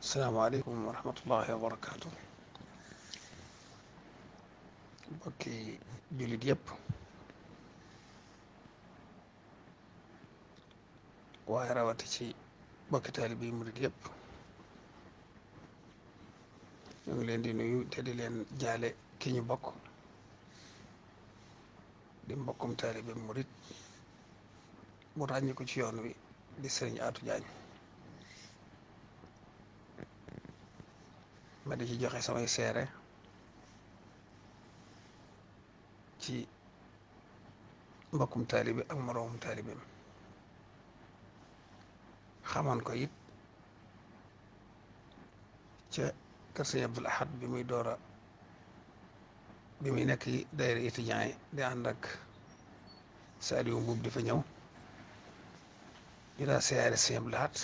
asalaamaaleykum wa rahmatullahi wa barakaatu mbokki jullit yëpp waaye rawati ci mbokki taalibe yi murit yëpp ñu ngi leen di nuyu te di leen jaale ki ñu bokk di mbokkum taalibe murit bu ràññi ko ci yoon wi di sëriñ atu Jaañ ma di ci joxe samay seere ci mbokkum taalibe ak moroomum taalibeem xamoon ko it ca kër sëñ Abdul Ahad bi muy doora bi muy nekk ci daayira étudiants yi di ànd ak Saaliyu di fa ñëw ñu daa siyaare sëñ Abdul Ahad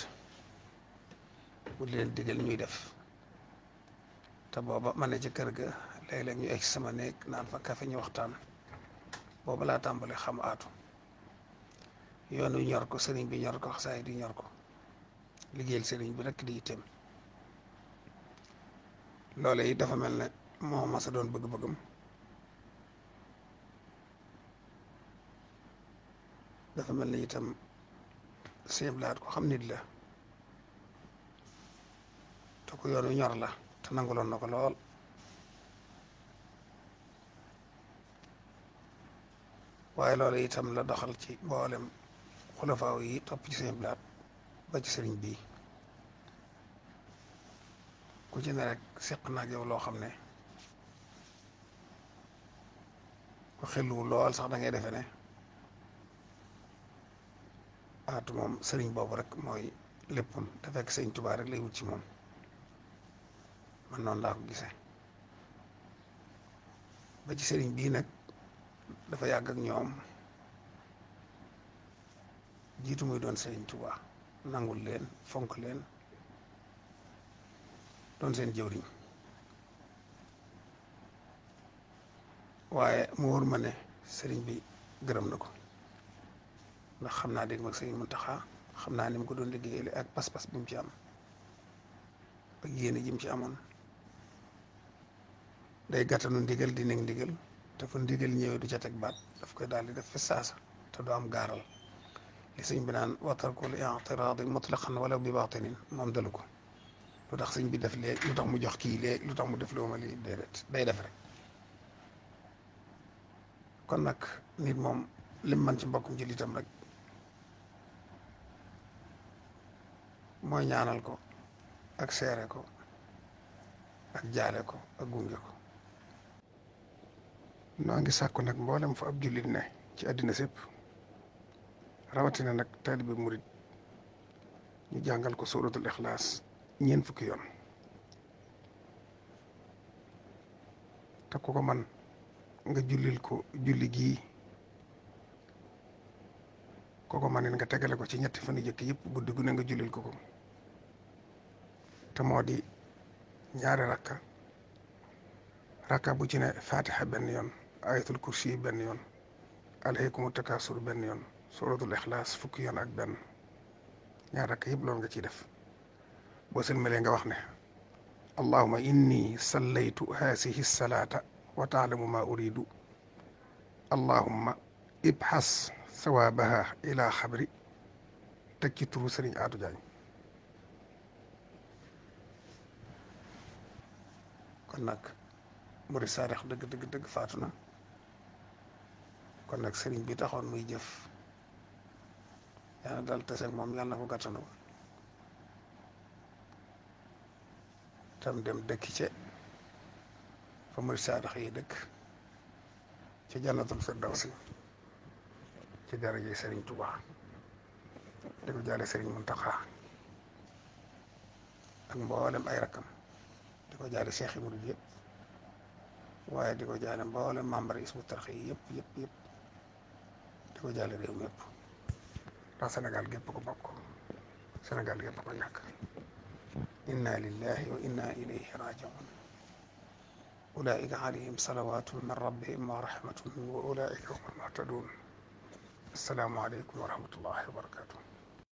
mu leen digal ñuy def te booba ma ne ci kër ga léeg-léeg ñu egg sama néeg naan fa kafe ñu waxtaan booba laa tàmbali xam aatu yoon wi ñor ko sëriñ bi ñor ko xasaay di ñor ko liggéeyal sëriñ bi rek di itam loole yi dafa mel na moo ma bëgg-bëggam dafa mel na itam sieblaat ko xam nit la te ku yoon wi ñor la te nanguloon na ko lool waaye loolu itam la doxal ci mboolem xulafaaw yi topp ci seen blaat ba ci sëriñ bii ku rek seq naag yow loo xam ne ku xelluwu lool sax da ngay defe ne aatu moom sëriñ boobu rek mooy léppam te fekk sëriñ Tuubaa rek lay wut moom man noonu laa ko gisee ba ci sëriñ bii nag dafa yàgg ak ñoom jiitu muy doon sëriñ Tuuba nangul leen fonk leen doon seen jëwriñ waaye mu wóor ma ne sëriñ bi gërëm na ko ndax xam naa dégg mag sëriñ Muntaxa xam naa ni mu ko doon liggéeyale ak pas-pas bi mu ci am ak yéene ji mu ci amoon day gàttanu ndigal di nekk ndigal te fu ndigal ñëwee du ca teg baat daf koy daal di def fi saasa te du am gaaral li sëñ bi naan watarkul i'tiraadi mutlaqan wala bi baatinin moom dalu ko lu tax sëñ bi def léegi lu tax mu jox kii léegi lu tax mu def loo ma day def rek kon nag nit moom lim man ci mbokkum jullitam rek mooy ñaanal ko ak seere ko ak jaale ko ak gunge ko noo ngi sàkku nag mboolem fa ab jullit ne ci àddina sépp rawatina nag taalibe murit ñu jàngal ko suratul ixlaas ñeent fukki yoon te ku ko man nga jullil ko julli gii ku ko man nga tegale ko ci ñetti fan jëkk yëpp guddi gu nga jullil ko ko te moo di ñaari rakka rakka bu ci ne fatiha benn yoon ayatul kursi yi benn yoon alhaykumu takaasur benn yoon suratul ixlaas fukki yoon ak benn ñaar rakk yëpp loolu nga ciy def boo sëlmalee nga wax ne allahuma inni sallaytu haasihi salaata wa taalamu ma uridu allahuma ibxas sawaabaha ila xabri teg ci turu sëriñ aatu jaañ kon nag murid saadax dëgg dëgg dëgg faatu na kon nag sëriñ bi taxoon muy jëf yàlla dal tase moom yàlla na ko gàttanu tam dem dëkk ca fa muy saadax yi dëkk ci jannatul firdawsi ci daraje sëriñ Tuubaa di ko jaale sëriñ Muntaxa ak mboolem ay rakkam di ko jaale Cheikh Ibrahima yëpp waaye di ko jaale mboolem membre Hizbut Tarqiyyah yëpp yëpp yëpp di ko jaale réew mépp ndax Sénégal gépp ko bokk Sénégal gépp ko ñàkk inna lillahi wa inna ilayhi rajiun ulaika alayhim salawatun min rabbihim wa rahmatun wa ulaika hum almuhtadun assalaamu aleykum wa rahmatullahi wa barakatuh